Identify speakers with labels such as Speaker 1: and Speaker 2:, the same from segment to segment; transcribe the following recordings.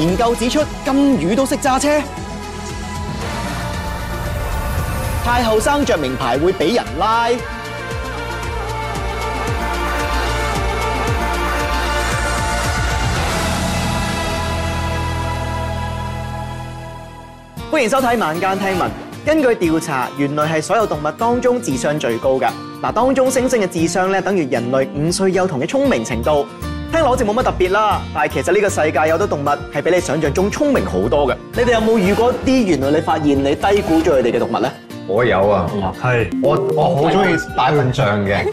Speaker 1: 研究指出，金魚都識揸車，太後生着名牌會俾人拉。歡迎收睇晚間聽聞。根據調查，原來係所有動物當中智商最高㗎。嗱，當中猩猩嘅智商咧等於人類五歲幼童嘅聰明程度。我就冇乜特別啦，但係其實呢個世界有好多動物係比你想象中聰明好多嘅。你哋有冇遇過啲原來你發現你低估咗佢哋嘅動物咧？
Speaker 2: 我有啊，係我我好中意大笨象嘅，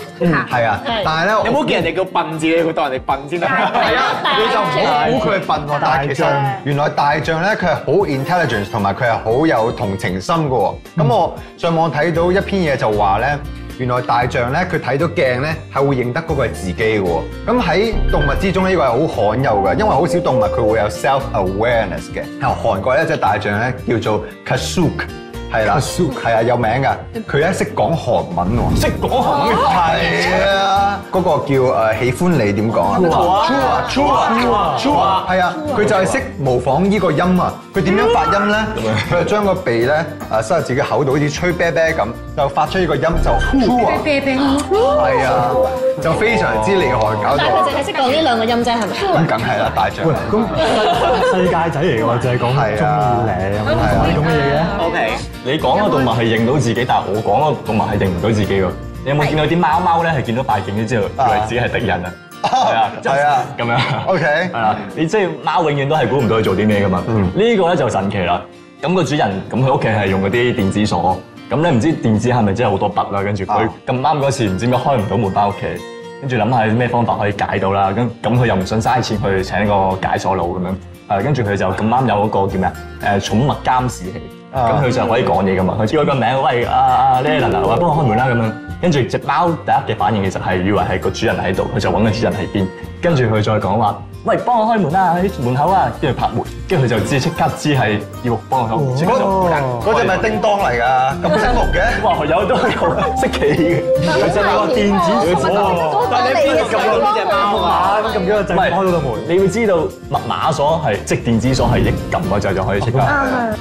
Speaker 2: 係啊，但係咧，你唔好叫人哋
Speaker 1: 叫笨字，佢要當人哋笨先得。係啊，你就唔好估佢係笨
Speaker 2: 喎。但係其實原來大象咧，佢係好 intelligence 同埋佢係好有同情心嘅喎。咁，嗯，我上網睇到一篇嘢就話咧。原來大象呢，佢睇到鏡呢，係會認得嗰個係自己嘅喎。咁喺動物之中咧，呢個係好罕有嘅，因為好少動物佢會有 self-awareness 嘅。韓國有一隻大象呢，叫做 Kasook。係啦，係啊，有名噶，佢咧識講韓文喎，識
Speaker 3: 講韓文，係啊，
Speaker 2: 嗰個叫誒喜歡你點講啊 t r u 啊 t r u 啊 t 啊 t 啊，係啊，佢就係識模仿呢個音啊，佢點樣發音咧？佢就將個鼻咧誒塞入自己口度，依啲吹啤啤咁，就發出呢個音就呼
Speaker 4: 啊，啤啤啤，係啊。
Speaker 2: 就非常之厲害，搞到！
Speaker 5: 但係佢
Speaker 2: 淨係識講呢兩個音啫，
Speaker 3: 係咪？咁梗係啦，大隻。喂，咁世界仔嚟㗎，我淨係講係。中意你，係啊啲
Speaker 5: 咁嘅嘢咧。
Speaker 2: O
Speaker 3: K。你講個動物係認到自己，但係我講個動物係認唔到自己㗎。你有冇見到啲貓貓咧係見到大鏡之後以為自己係敵人啊？係啊，係啊，咁樣。O K。係啦，你即係貓永遠都係估唔到佢做啲咩㗎嘛。嗯。呢個咧就神奇啦。咁個主人，咁佢屋企係用嗰啲電子鎖。咁咧唔知電子係咪真係好多筆，啦？跟住佢咁啱嗰次唔知點解開唔到門翻屋企，跟住諗下咩方法可以解到啦？咁咁佢又唔想嘥錢去請個解鎖佬咁樣，誒跟住佢就咁啱有嗰個叫咩啊？誒寵物監視器，咁佢就可以講嘢噶嘛？佢叫佢個名，喂啊、這個、啊呢個嗱，喂幫我開門啦咁樣，跟住隻貓第一嘅反應其實係以為係個主人喺度，佢就揾個主人喺邊，跟住佢再講話，喂幫我開門啦，喺門口啊，跟住拍門。跟住佢就知即刻知係要幫我響門前嗰隻咪叮當嚟㗎，咁醒目嘅哇有都有識企嘅，佢真係個電子鎖，但係你邊度撳到呢隻貓啊？撳咗個掣開咗道門，你要知道密碼鎖係即電子鎖係一撳個掣就可以識㗎，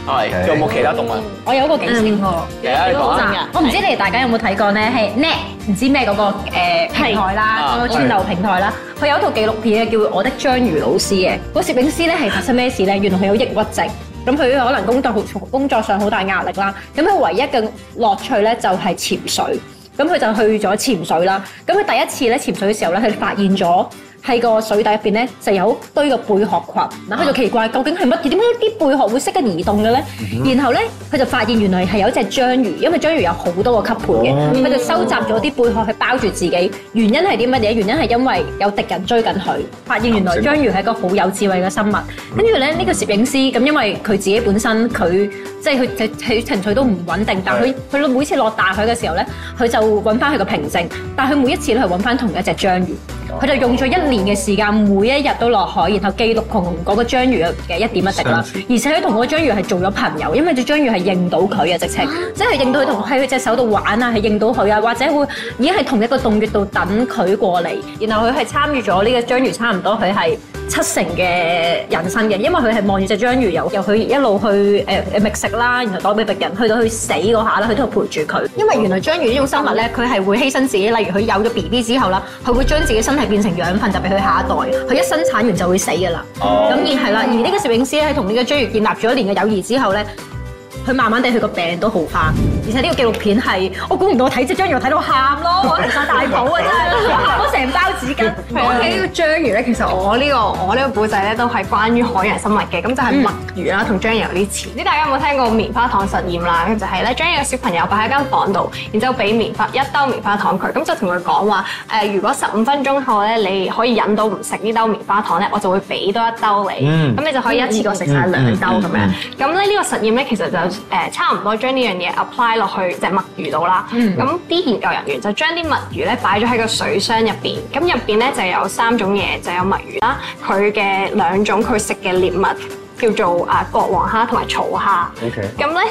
Speaker 3: 係有冇其他動物？
Speaker 6: 我有個幾閃嘅，嚟啊你講啊！我唔知你大家有冇睇過咧？係咩唔知咩嗰個誒平台啦，嗰個串流平台啦，佢有套紀錄片咧叫《我的章魚老師》嘅個攝影師咧係發生咩事咧？原來佢有抑鬱症，咁佢可能工作工作上好大壓力啦，咁佢唯一嘅樂趣咧就係潛水，咁佢就去咗潛水啦，咁佢第一次咧潛水嘅時候咧，佢發現咗。喺個水底入邊咧就有堆嘅貝殼羣，佢就、啊、奇怪究竟係乜嘢？點解啲貝殼會識得移動嘅咧？嗯、哼然後咧佢就發現原來係有一隻章魚，因為章魚有好多個吸盤嘅，佢、哦、就收集咗啲貝殼去包住自己。原因係啲乜嘢？原因係因為有敵人追緊佢。發現原來章魚係一個好有智慧嘅生物。跟住咧呢、呢個攝影師咁，因為佢自己本身佢即係佢佢情緒都唔穩定，嗯、哼但佢佢每次落大海嘅時候咧，佢就揾翻佢個平靜。但係佢每一次都係揾翻同一隻章魚，佢、嗯、哼就用咗一年。嘅時間，每一日都落海，然後記錄同嗰個章魚嘅一點一滴啦。 而且佢同嗰個章魚係做咗朋友，因為隻章魚係認到佢嘅，直情即係認到佢同喺佢隻手度玩啊，係 認到佢啊，或者會已經係同一個洞穴度等佢過嚟，然後佢係參與咗呢個章魚，差唔多佢係七成嘅人生嘅，因為佢係望住隻章魚由由佢一路去誒誒覓食啦，然後躲避敵人去到佢死嗰下啦，佢都係陪住佢。因為原來章魚呢種生物咧，佢係會犧牲自己，例如佢有咗 BB 之後啦，佢會將自己身體變成養分，特別佢下一代，佢一生產完就會死噶啦。咁、oh. 而係啦，而呢個攝影師咧，喺同呢個章魚建立咗一年嘅友誼之後咧。佢慢慢地佢個病都好
Speaker 7: 翻，而且呢個紀錄片係我估唔到，我睇隻章魚我睇到喊咯，我大肚啊真係，喊成 包紙巾。係、嗯、啊，呢個章魚咧，其實我呢、這個我呢個古仔咧都係關於海洋生物嘅，咁就係墨魚啦同、嗯、章魚有啲。似。知大家有冇聽過棉花糖實驗啦？咁、嗯、就係咧將有個小朋友擺喺間房度，然之後俾棉花一兜棉花糖佢，咁就同佢講話誒，如果十五分鐘後咧你可以忍到唔食呢兜棉花糖咧，我就會俾多一兜你，咁、嗯嗯、你就可以一次過食晒兩兜咁樣。咁咧呢個實驗咧其實就是、～誒，差唔多將呢樣嘢 apply 落去隻墨魚度啦。咁啲、嗯、研究人員就將啲墨魚咧擺咗喺個水箱入邊，咁入邊咧就有三種嘢，就有墨魚啦，佢嘅兩種佢食嘅獵物。叫做啊，國王蝦同埋草蝦。O K。咁咧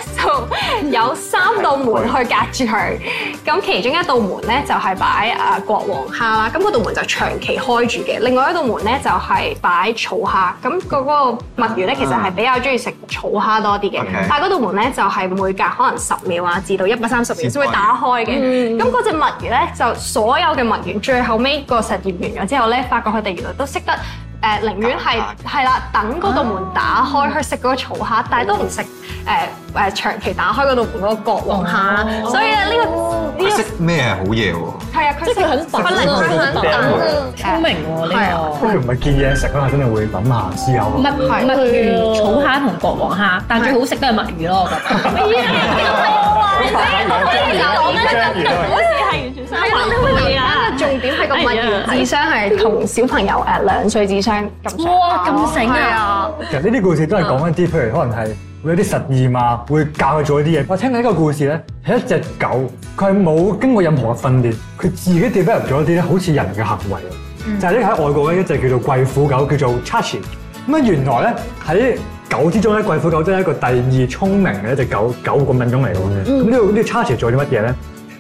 Speaker 7: 就有三道門去隔住佢。咁其中一道門咧就係擺啊國王蝦啦。咁嗰道門就長期開住嘅。另外一道門咧就係擺草蝦。咁嗰個墨魚咧其實係比較中意食草蝦多啲嘅。Okay. 但係嗰道門咧就係每隔可能十秒啊至到一百三十秒先會打開嘅。咁嗰隻墨魚咧就所有嘅墨魚，最後尾個實驗完咗之後咧，發覺佢哋原來都識得。誒，寧願係係啦，等嗰道門打開去食嗰個草蝦，但係都唔食誒誒長期打開嗰道門嗰個國王蝦啦。所以咧，呢個呢個
Speaker 4: 食
Speaker 8: 咩係好嘢
Speaker 4: 喎？
Speaker 7: 係啊，即係佢好本能，佢好
Speaker 8: 聰明喎。呢個佢唔係見嘢食嗰下，真係會諗下是否有。唔係墨
Speaker 6: 魚、草蝦同國王蝦，但係最好食都係墨魚咯，我覺得。咩啊？呢個錯啊！呢個講緊嘅故事係完全相
Speaker 4: 反嘅。重點係個物智
Speaker 7: 商係同小朋友誒兩歲智商咁。哇，咁醒
Speaker 4: 啊！
Speaker 8: 哦、其實呢啲故事都係講緊啲，嗯、譬如可能係會有啲實驗啊，會教佢做啲嘢。我聽緊一個故事咧，係一隻狗，佢係冇經過任何嘅訓練，佢自己 develop 咗一啲好似人嘅行為。嗯，就係咧喺外國嘅一隻叫做貴婦狗，叫做 Chachi。咁啊，原來咧，喺狗之中咧，貴婦狗真係一個第二聰明嘅一隻狗狗咁品種嚟嘅。咁、嗯、呢個呢 Chachi 做啲乜嘢咧？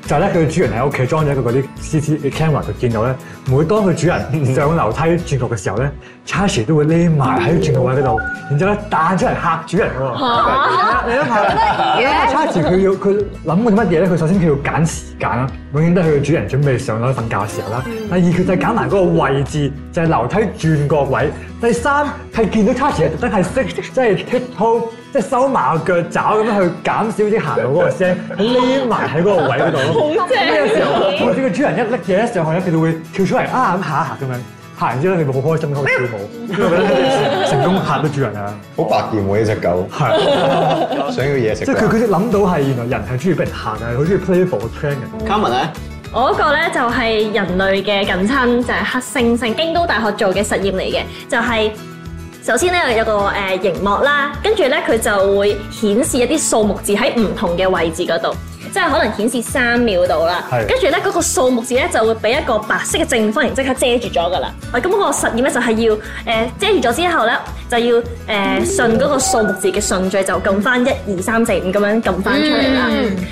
Speaker 8: 就咧，佢嘅主人喺屋企裝咗一個嗰啲 CCTV camera，佢見到咧，每當佢主人上樓梯轉角嘅時候咧，Chachi、嗯、都會匿埋喺轉角位嗰度，然之後咧彈出嚟嚇主人、啊、係咪你都嚇！你諗下，Chachi 佢要佢諗嘅乜嘢咧？佢首先佢要揀時間，永遠都係佢主人準備上樓瞓覺嘅時候啦。第二，佢就係揀埋嗰個位置，就係、係、樓梯轉角位。第三，係見到 Chachi，特登係識即係 take photo 即係收埋個腳爪咁樣去減少啲行路嗰個聲，匿埋喺嗰個位嗰度。好正！呢個時候，同啲個主人一拎嘢一上去咧，佢哋會跳出嚟啊咁行一下。咁樣。行完之後，你會好開心喺度跳舞，成功嚇到主
Speaker 2: 人啦！好百厭喎，呢隻狗。係，想要嘢食。即係佢
Speaker 8: 佢諗到係原來人係中意俾人嚇嘅，好中意 playful 嘅。Carmen 咧，
Speaker 5: 我嗰個咧就係人類嘅近親，就係黑猩猩。京都大學做嘅實驗嚟嘅，就係。首先咧有個誒呃、熒幕啦，跟住咧佢就會顯示一啲數目字喺唔同嘅位置嗰度，即係可能顯示三秒度啦。跟住咧嗰個數目字咧就會俾一個白色嘅正方形，即刻遮住咗㗎喇。咁、嗯嗰個實驗咧就係要誒、呃、遮住咗之後咧。就要誒順嗰個數目字嘅順序，就撳翻一二三四五咁樣撳翻出嚟啦。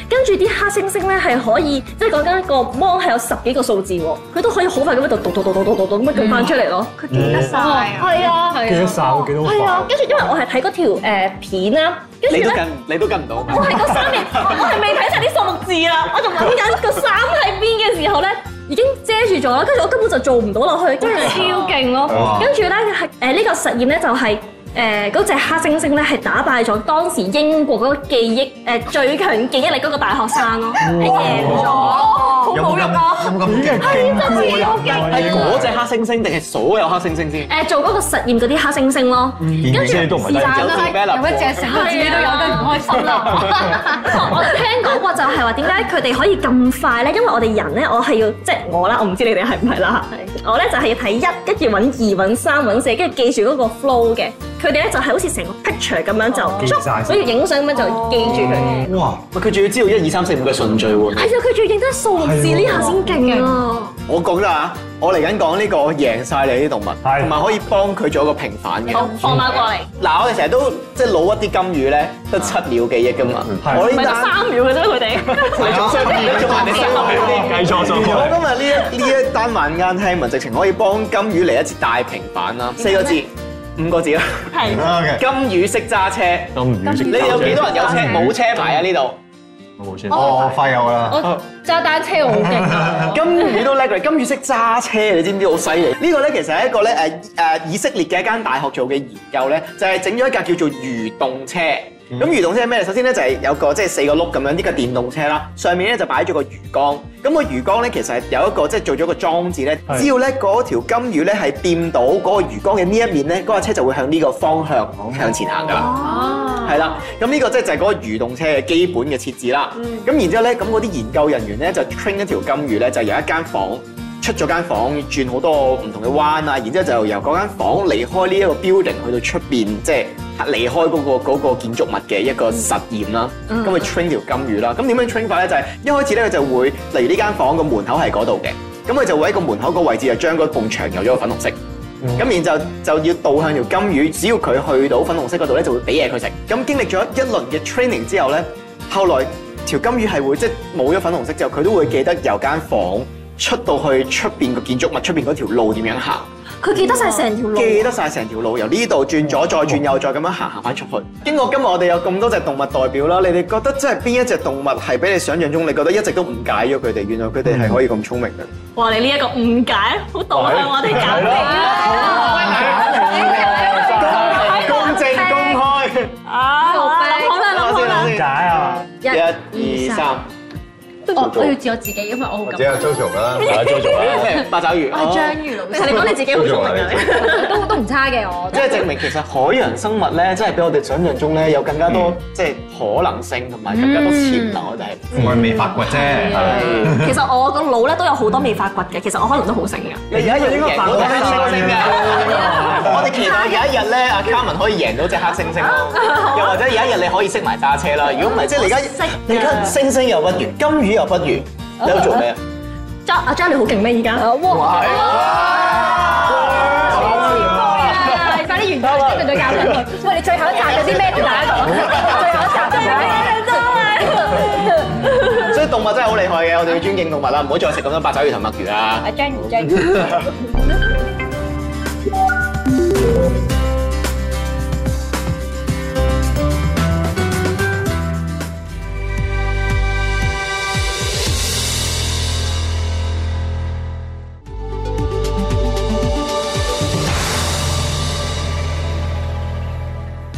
Speaker 5: 跟住啲黑猩猩咧係可以，即係講緊一個芒係有十幾個數字喎，佢都可以好快咁喺度讀讀讀讀讀讀咁樣撳翻出嚟咯。佢記得晒，係啊，記得
Speaker 8: 晒，我
Speaker 1: 記得係啊，
Speaker 5: 跟住因為我係睇嗰條片啦，跟住咧你跟
Speaker 1: 你都跟唔到。我係
Speaker 4: 嗰三
Speaker 5: 面，我係未睇晒啲數目字啊，我仲諗緊個三喺邊嘅時候咧，已經遮住咗，跟住我根本就做唔到落去，真係超勁咯！跟住咧係誒呢、啊、個實驗咧就係、是。誒嗰隻黑猩猩咧係打敗咗當時英國嗰個記憶誒最強記憶力嗰個大學生咯，
Speaker 4: 係贏咗，好冇用啊！點
Speaker 5: 解勁啊？我嘅勁係嗰隻黑
Speaker 1: 猩猩定係所有黑猩猩
Speaker 5: 先？誒做嗰個實驗嗰啲黑猩猩咯，跟住都唔係低質，有一藉口？自己都有得唔開心啦！我聽講過就係話點解佢哋可以咁快咧？因為我哋人咧，我係要即係我啦，我唔知你哋係唔係啦。我咧就係要睇一，跟住揾二、揾三、揾四，跟住記住嗰個 flow 嘅。佢哋咧就係好似成個 picture 咁樣就
Speaker 1: 捉晒。所以影相咁樣就記住佢。哇！佢仲要知道一
Speaker 5: 二三四五嘅順序喎。係啊，佢仲要認得數字呢下先勁啊！我講啦
Speaker 1: 嚇，我嚟緊講呢個贏晒你啲動物，同埋可以幫佢做一個平反嘅。放馬過嚟！嗱，我哋成日都即係老屈啲金魚咧，得七秒記憶噶嘛。唔係得三秒嘅
Speaker 4: 啫，佢哋。你今
Speaker 5: 日，今日你先，我今日呢
Speaker 2: 一單
Speaker 1: 晚間聽聞，直情可以幫金魚嚟一次大平反啦！四個字。五個字啦的，金魚識揸車。金魚識，你有幾多人有車？冇魚車牌啊呢度。我冇魚裡車牌，啊。哦，快有啦！
Speaker 6: 揸單車我好
Speaker 1: 勁。金魚都叻嘅，金魚識揸車，你知唔知好犀利？ 個呢個咧其實係一個咧誒誒以色列嘅一間大學做嘅研究咧，就係整咗一架叫做魚動車。咁魚動車係咩？首先咧就係、是、有個即係四個轆咁樣呢個電動車啦，上面咧就擺咗個魚缸。咁個，個，是個魚缸咧其實係有一個即係做咗個裝置咧，只要咧嗰條金魚咧係掂到嗰個魚缸嘅呢一面咧，嗰、那、架、個、車就會向呢個方向向前行㗎啦。
Speaker 4: 哦哇，係啦。
Speaker 1: 咁呢個即係就係嗰個魚動車嘅基本嘅設置啦。咁、嗯、然之後咧，咁嗰啲研究人員咧就 train 一條金魚咧，就由一間房出咗間房轉好多唔同嘅彎啊，嗯、然之後就由嗰間房離開呢一個 building 去到出邊，即、就、係、是。離開嗰個嗰個建築物嘅一個實驗啦，咁佢 train 條金魚啦。咁點樣 train 法咧？就係、是、一開始咧，佢就會嚟呢間房個門口係嗰度嘅，咁佢就會喺個門口個位置就將嗰埲牆油咗個粉紅色。咁、嗯、然之後就，就要倒向條金魚，只要佢去到粉紅色嗰度咧，就會俾嘢佢食。咁經歷咗一輪嘅 training 之後咧，後來條金魚係會即係冇咗粉紅色之後，佢都會記得由間房出到去出邊個建築物出邊嗰條路點樣行。
Speaker 5: 佢記得晒成條路，記
Speaker 1: 得晒成條路由，由呢度轉左，再轉右，再咁樣行行返出去。 經過今日我哋有咁多隻動物代表啦，你哋覺得即係邊一隻動物係比你想像中，你覺得一直都誤解咗佢哋，原來佢哋係可以咁聰明嘅？ 哇！
Speaker 5: 你
Speaker 4: 呢一個誤解好毒啊，喂向我哋人
Speaker 6: 我我要自我自己，因為我好
Speaker 1: 緊張。治阿周熊啦，阿 j o 啦，咩八爪魚，我係章魚老師。
Speaker 6: 其實你講你自己好聰明都都唔差嘅我。
Speaker 1: 即係證明其實海洋生物咧，真係比我哋想象中咧有更加多即係可能性同埋更加
Speaker 4: 多潛能我嘅地，我係未發掘啫。
Speaker 5: 其實我個腦咧都有好多未發掘嘅，其實我可能都好醒㗎。你而家你應該發覺好醒嘅。咧，阿卡文
Speaker 1: 可以贏到隻黑猩猩咯，又或者有一日你可以識埋揸車啦。如果唔係，即係你而家，而家猩猩又不如，金魚又不如，
Speaker 5: 你喺度做咩？張阿張你好勁咩？而家哇係，快啲完，快啲對對教佢。喂，你最後一集有
Speaker 6: 啲咩答案？最後一
Speaker 4: 集就係
Speaker 1: 金魚。所以動物真係好厲害嘅，我哋要尊敬動物啦，唔好再食咁多八爪魚同墨魚啊。阿張
Speaker 4: 唔張。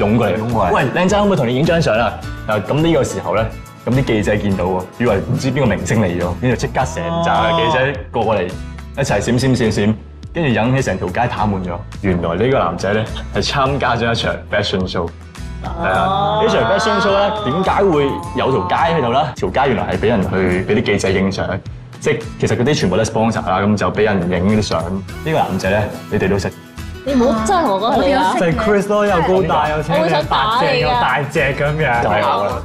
Speaker 3: 湧過嚟，喂，靚仔可唔可以同你影張相啊？嗱、嗯，咁呢個時候咧，咁啲記者見到喎，以為唔知邊個明星嚟咗，跟住即刻成紮記者過過嚟一齊閃閃閃閃，跟住引起成條街癱瘓咗。原來呢個男仔咧係參加咗一場 Fashion Show，係啊、呢場 Fashion Show 咧點解會有條街喺度咧？啊、條街原來係俾人去俾啲記者影相，即係其實嗰啲全部都係 sponsor 啦，咁就俾人影啲相。啊、呢個男仔咧，你哋都識。
Speaker 5: 你唔好真係
Speaker 3: 同我講，我點
Speaker 5: 樣就係 Chris 咯，又高大
Speaker 3: 又長，又白淨，又大隻咁樣。就係我啦。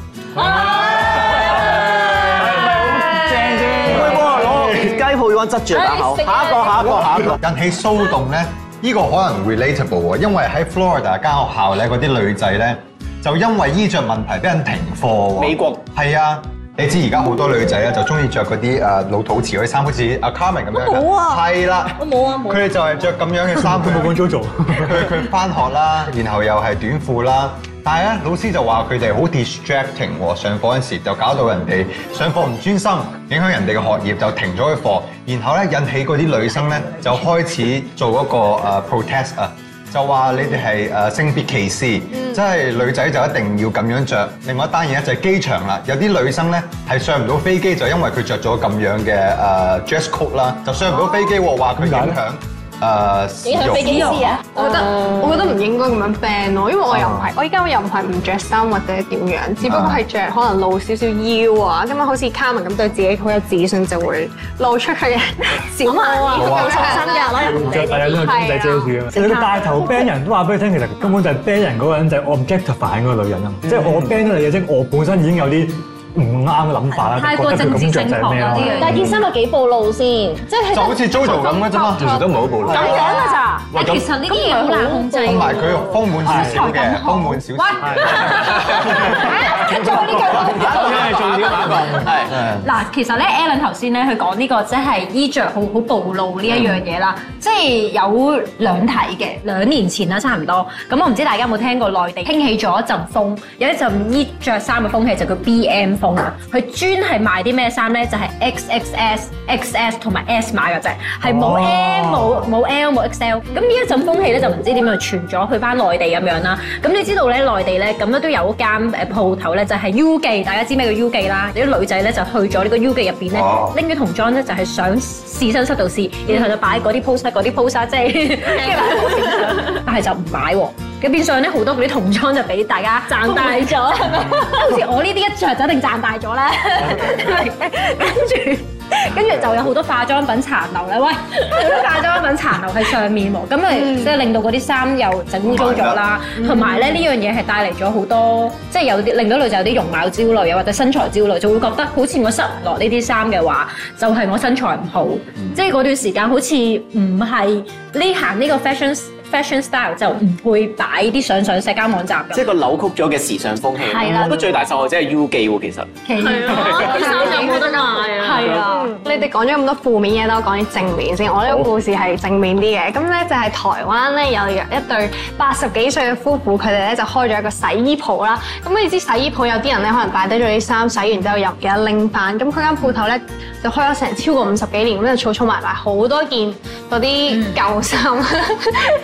Speaker 1: 正先，唔好幫我攞
Speaker 8: 雞泡丸執
Speaker 2: 住打口。
Speaker 1: 下一個，下一個，下一
Speaker 2: 個。引起騷動呢，依個可能 relatable 喎，因為喺 Florida 間學校咧，嗰啲女仔咧就因為衣着問題俾人停課。美國。係啊。你知而家好多女仔咧就中意着嗰啲誒老土潮嗰啲衫，好似阿嘉雯咁樣，係啦、啊，佢哋了、啊啊啊、就係着咁樣嘅衫佢冇共場做。佢佢返學啦，然後又係短褲啦，但係咧老師就話佢哋好 distracting 喎、哦，上課嗰時就搞到人哋上課唔專心，影響人哋嘅學業，就停咗佢課，然後咧引起嗰啲女生咧就開始做一個誒、uh, protest 啊、uh,！就話你哋係誒性別歧視，嗯、即係女仔就一定要咁樣著。嗯、另外一單嘢就係機場啦，有啲女生呢係上唔到飛機就因為佢著咗咁樣嘅 dress code 啦，uh, code, 就上唔到飛機喎，話佢影響。誒
Speaker 7: 私用？你幾時啊？我覺得我覺得唔應該咁樣 ban 咯，因為我又唔係，我依家又唔係唔着衫或者點樣，只不過係着可能露少少腰啊。咁樣好似嘉雯咁，對自己好有自信就會露出佢嘅小曼啊，嗰
Speaker 8: 套新嘅攞嚟嚟著，係啊！其實個帶頭 ban 人都話俾你聽，其實根本就係 ban 人嗰個人就 objectify 嗰個女人啊，即係我 ban 咗你啫，我本身已經有啲。唔啱諗法啦，太過政治正確嗰啲嘢。但係件衫
Speaker 5: 有幾暴露先，即係就好
Speaker 8: 似 Jojo 咁嘅啫嘛，其實都唔係好
Speaker 2: 暴
Speaker 6: 露。咁樣嘅咋？但係其實呢啲嘢好難控制。同埋佢豐滿少少
Speaker 2: 嘅，豐滿少少。喂，做呢個？做呢個？係。
Speaker 6: 嗱，其實咧，Allen 頭先咧，佢講呢個即係衣著好好暴露呢一樣嘢啦，即係有兩睇嘅。兩年前啦，差唔多。咁我唔知大家有冇聽過內地興起咗一陣風，有一陣衣著衫嘅風氣就叫 BM 風。佢、哦哦、專係賣啲咩衫咧？就係、是、XXS、XS 同埋 S 碼嘅啫，係冇 M、冇冇 L、冇 XL。咁呢一陣風氣咧，就唔知點樣傳咗去翻內地咁樣啦。咁你知道咧，內地咧咁咧都有一間誒鋪頭咧，就係、是、U 記。大家知咩叫 U 記啦？啲女仔咧就去咗呢個 U 記入邊咧，拎咗、哦、童裝咧就係、是、想試身室度試，然後就擺嗰啲 pose、嗰啲 pose，即係但係就唔買。嘅變相咧，好多嗰啲童裝就俾大家賺大咗。好似 我呢啲一着就一定賺大咗咧。跟住 Okay. 跟住就有好多化妝品殘留咧。喂，好多化妝品殘留喺上面喎，咁咪即係令到嗰啲衫又整污糟咗啦。同埋咧，呢、嗯、樣嘢係帶嚟咗好多，即、就、係、是、有令到女仔有啲容貌焦慮，又或者身材焦慮，就會覺得好似我塞唔落呢啲衫嘅話，就係、是、我身材唔好。即係嗰段時間，好似唔係呢行呢個 fashion。Fashion style 就唔會擺啲相上社交網站嘅，即係個
Speaker 1: 扭曲咗嘅時尚風氣。係啦了，我覺得最大受害者係 U 記喎，其實其
Speaker 4: 啊，真係冇
Speaker 7: 得捱啊！了了你哋講咗咁多負面嘢，都講啲正面先。我呢個故事係正面啲嘅。咁咧好就係台灣咧，有一對八十幾歲嘅夫婦，佢哋咧就開咗一個洗衣鋪啦。咁你知洗衣鋪有啲人咧可能擺低咗啲衫，洗完之後又唔記得拎翻。咁佢間鋪頭咧就開咗成超過五十幾年，咁就儲儲埋埋好多件嗰啲舊衫。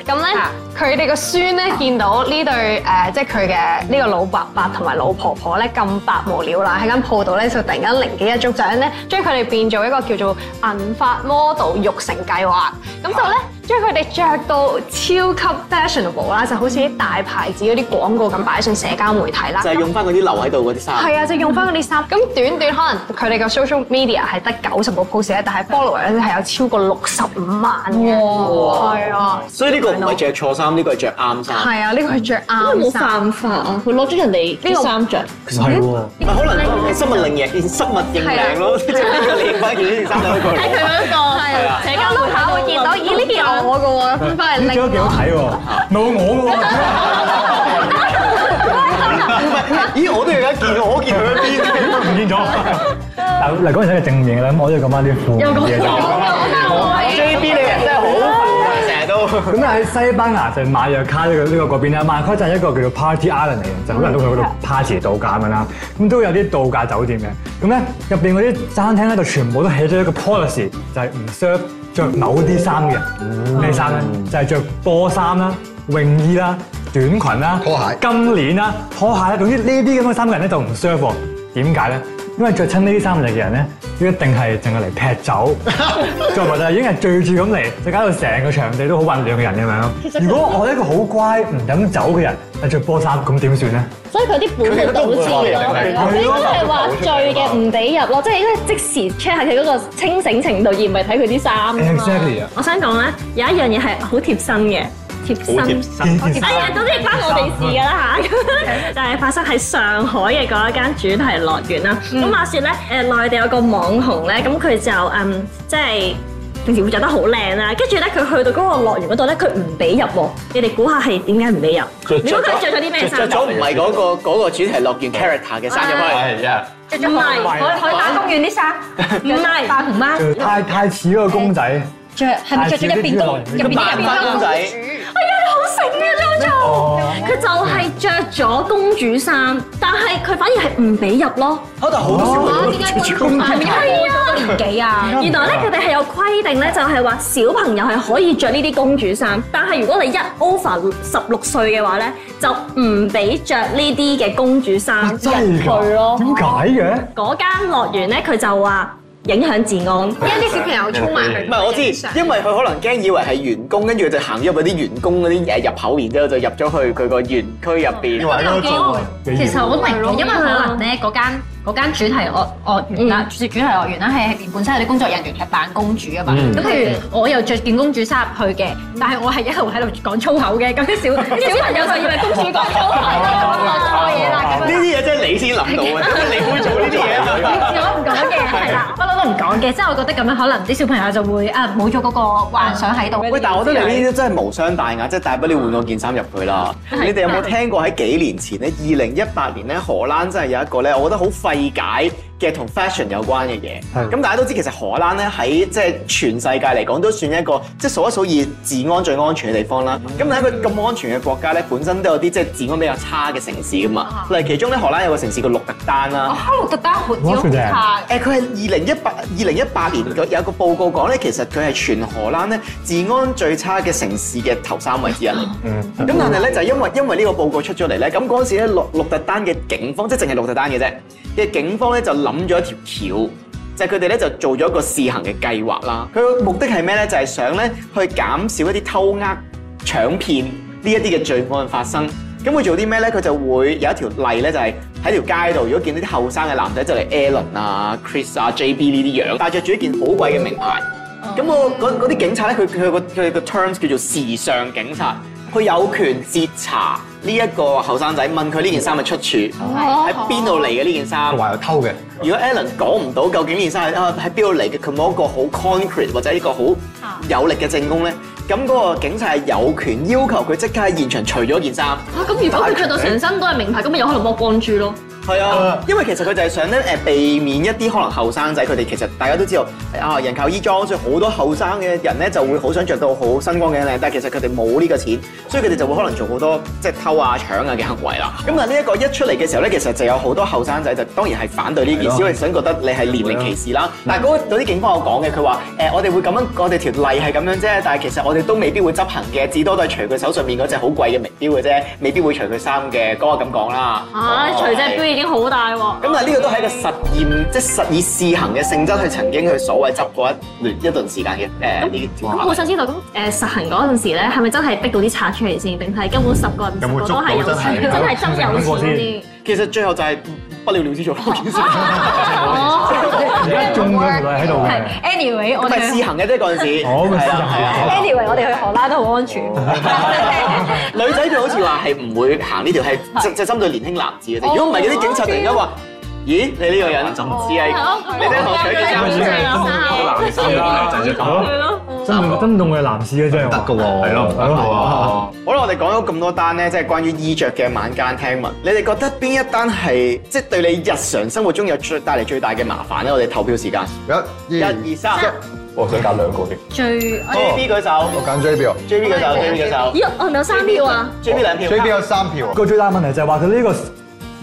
Speaker 7: 嗯 咁咧，佢哋個孫咧見到呢對誒，即係佢嘅呢個老伯伯同埋老婆婆咧咁百無聊賴，喺間鋪度咧就突然間靈機一觸咧將佢哋變做一個叫做銀髮 model 育成計劃，咁就咧。即係佢哋着到超級 fashionable 啦，就好似啲大牌子嗰啲廣告咁擺上社交媒體啦。就係用翻
Speaker 1: 嗰啲留喺度嗰啲衫。係啊，
Speaker 7: 就用翻嗰啲衫。咁短短可能佢哋嘅 social media 係得九十個 post，但係 follow 咧係有超過六十五萬。哇！係啊。
Speaker 1: 所以呢個唔係着錯衫，呢個係着啱衫。係啊，呢個係着啱衫。
Speaker 7: 都冇犯法，佢攞咗人哋呢個衫
Speaker 5: 着。其實係喎。唔可能新聞令一件失物認領咯，即係呢個你發
Speaker 4: 現
Speaker 5: 呢件衫有一個。睇佢嗰一
Speaker 4: 個。係啊。社交路口會
Speaker 7: 見到，咦呢件？
Speaker 8: 我個喎，拎翻嚟都幾好
Speaker 1: 睇喎，冇 我個喎。
Speaker 4: 咦， 我都
Speaker 8: 有件喎，我件喺邊？唔 見咗。
Speaker 4: 嗱，
Speaker 8: 嚟講完先係正面啦，咁我都要講翻啲負嘅嘢就。J B 你人我真係好，成日都咁喺西班牙就係、馬約卡呢、呢個呢個嗰邊咧，馬約卡就一個叫做 Party Island 嚟嘅，就好多人去嗰度 party 度假咁樣啦。咁都有啲度假酒店嘅，咁咧入邊嗰啲餐廳咧就全部都起咗一個 policy 就係唔 serve。着某啲衫嘅人，
Speaker 4: 咩衫、嗯、呢？嗯、
Speaker 8: 就係着波衫啦、泳衣啦、短裙啦鞋、拖鞋、金鏈啦、拖鞋啦。總之呢啲咁嘅衫嘅人咧，就唔 serve。點解咧？因為着親呢啲衫嚟嘅人咧，一定係淨係嚟劈酒，再或係已經係醉住咁嚟，就搞到成個場地都好混亂嘅人咁樣。其實如果我係一個好乖唔飲酒嘅人，係着波衫咁點算咧？呢
Speaker 5: 所以佢啲本就濫濫咯，應該係話醉嘅唔俾入咯，吧即係應該即時 check 下佢嗰個清醒程度，而唔係睇佢啲衫。Exactly. 我想講咧，有一樣嘢係好貼身嘅。
Speaker 4: 貼心，哎呀，總之關我哋事嘅啦嚇，
Speaker 5: 但係發生喺上海嘅嗰一間主題樂園啦。咁話說咧，誒內地有個網紅咧，咁佢就嗯即係平時會著得好靚啦。跟住咧，佢去到嗰個樂園嗰度咧，佢唔俾入喎。你哋估下係點解唔俾入？佢著咗啲咩衫？著咗唔係嗰個
Speaker 1: 嗰個主題樂園 Character 嘅衫入去，
Speaker 6: 著咗唔係海海盜公園啲衫，唔係扮熊貓，太太
Speaker 8: 似嗰個公仔，
Speaker 6: 著係咪著住入邊啲入邊啲人仔？
Speaker 5: 唔要、嗯 oh，就佢就係着咗公主衫，但係佢反而係唔俾入咯。嚇、oh,！但係好多小朋友著公主衫，係咪因為咁多年紀啊？原來咧，佢哋係有規定咧，就係話小朋友係可以着呢啲公主衫，但係如果你一 over 十六歲嘅話咧，就唔俾着呢啲嘅公主衫、啊、真入佢咯。點解嘅？嗰間樂園咧，佢就話，影響治安，因為啲小朋友衝埋去。唔係我知，因為佢可
Speaker 1: 能驚以為係員工，跟住佢就行入去啲員工嗰啲誒入口，然之後就入咗去佢個園區入邊。其實我明，因
Speaker 6: 為可能咧嗰間主題樂樂園主題樂園啦，係本身啲工作人員係扮公主啊嘛，咁譬如我又著件公主衫入去嘅，但係我係一路喺度講粗口嘅，咁啲小小朋友就以為公主講粗口，錯嘢啦。呢啲嘢真係你先諗到啊，你會做呢啲嘢嘅係啦，不嬲都唔講嘅，即係我覺得咁樣可能啲小朋友就會啊冇咗嗰個幻想喺度。喂，但係我覺得你呢啲
Speaker 1: 真係無傷大雅，即係大不了換個件衫入去啦。 你哋有冇聽過喺幾年前咧？二零一八年咧，荷蘭真係有一個咧，我覺得好費解。嘅同 fashion 有關嘅嘢，咁是、嗯、大家都知其實荷蘭咧，喺即係全世界嚟講都算一個即係數一數二治安最安全嘅地方啦。咁喺一個咁安全嘅國家咧，本身都有啲即係治安比較差嘅城市噶嘛。例如、mm hmm。其中咧荷蘭有個城市叫鹿特丹啦，
Speaker 6: 鹿特丹治安最差。誒，佢
Speaker 1: 係二零一八二零一八年有個報告講咧，其實佢係全荷蘭咧治安最差嘅城市嘅頭三位之一。咁、
Speaker 4: mm hmm。但係咧就
Speaker 1: 是、因為因為呢個報告出咗嚟咧，咁嗰時咧鹿鹿特丹嘅警方即係淨係鹿特丹嘅啫。嘅警方咧就諗咗一條橋，就係佢哋咧就做咗一個試行嘅計劃啦。佢個目的係咩咧？就係、是、想咧去減少一啲偷呃、搶騙呢一啲嘅罪案發生。咁佢做啲咩咧？佢就會有一條例咧，就係喺條街度，如果見到啲後生嘅男仔就嚟、是、Allen 啊、Chris 啊、JB 呢啲樣，但係著住一件好貴嘅名牌。咁我嗰啲警察咧，佢佢個佢個 terms 叫做時尚警察，佢有權截查。呢一個後生仔問佢呢件衫嘅出處
Speaker 8: 喺邊度嚟嘅？
Speaker 1: 呢件衫話係偷嘅。如果 Alan 講唔到究竟呢件衫係啊喺邊度嚟嘅，佢冇一個好 concrete 或者一個好有力嘅證供咧，咁、那、嗰個警察係有權要求佢即刻喺現場除咗件衫。嚇，咁如果佢着到成
Speaker 5: 身都係名牌，咁咪有可能剝光豬咯？
Speaker 1: 係啊，因為其實佢就係想咧，誒避免一啲可能後生仔，佢哋其實大家都知道啊，人靠衣裝，所以好多後生嘅人咧就會好想著到好身光嘅靚，但係其實佢哋冇呢個錢，所以佢哋就會可能做好多即係偷啊搶啊嘅行為啦。咁但呢一個一出嚟嘅時候咧，其實就有好多後生仔就當然係反對呢件事，因為想覺得你係年齡歧視啦。但係嗰啲警方有講嘅，佢話誒我哋會咁樣，我哋條例係咁樣啫，但係其實我哋都未必會執行嘅，至多都係除佢手上面嗰隻好貴嘅名錶嘅啫，未必會除佢衫嘅，嗰咁講啦。除已
Speaker 5: 經好大喎！咁啊，呢個都係一個
Speaker 1: 實驗，即係實驗試行嘅性質，去曾經去所謂執過一段一段時間嘅誒呢。咁我
Speaker 5: 想知道，咁、呃、誒實行嗰陣時咧，係咪真係逼到啲賊出嚟先，定係根本十個人都係有錢，真係好真，真有錢先看看？
Speaker 1: 其實最後就係不了了之咗，冇點算。而家中嗰時喺度
Speaker 6: anyway 我哋係試行
Speaker 1: 嘅啫嗰陣時。哦，咁就
Speaker 6: anyway，我哋去荷蘭都好安全。
Speaker 1: 女仔就好似話係唔會行呢條係，即即針對年輕男子嘅啫。如果唔係嗰啲警察突然間話，咦，你呢個人就唔知係，
Speaker 6: 你啲學
Speaker 4: 長啲衫穿得好難睇，衫都係男仔
Speaker 1: 真係
Speaker 8: 個真凍嘅男士咧，真係得嘅喎，係
Speaker 2: 咯，係咯，好
Speaker 1: 啦，我哋講咗咁多單咧，即係關於衣着嘅晚間聽聞，你哋覺得邊一單係即係對你日常生活中有最帶嚟最大嘅麻
Speaker 2: 煩咧？我哋投票時間一、二、三，我想
Speaker 5: 揀兩個先。
Speaker 2: 最 J B 嗰我揀 J B，J B 嗰
Speaker 5: J B 嗰首。咦？哦，有三票啊！J B 兩票，J B 有三
Speaker 8: 票。個最大問題就係話佢呢個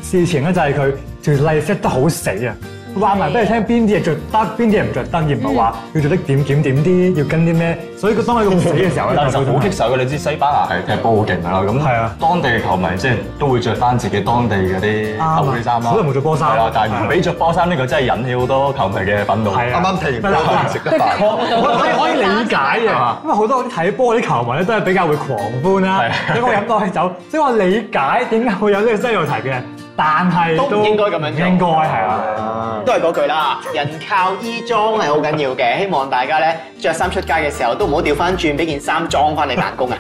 Speaker 8: 事情咧，就係佢條脷塞得好死啊！話埋俾你聽，邊啲嘢着得，邊啲嘢唔着得，而唔係話要著得點點點啲，要跟啲咩。所以佢當佢紅死嘅時候咧，就係好棘
Speaker 3: 手嘅。你知西班牙踢波好勁噶啦，咁啊，當地嘅球迷即係都會着翻自己當地嗰啲球衣衫啊，可能冇着波衫。係啦，但係唔俾着波衫呢個真係引起好多球迷嘅憤怒。啱唔啱？啤
Speaker 8: 酒食得快。的確，可以可以理解嘅，因為好多啲睇波啲球迷咧都係比較會狂歡啦，你較會飲多啲酒，即係我理解點解會有呢個西路題嘅。但係都應該咁樣講，應該係啦，都係嗰句
Speaker 1: 啦。 人靠衣裝係好緊要嘅，希望大家呢，著衫出街嘅時候都唔好掉翻轉，俾件衫裝翻你彈弓啊！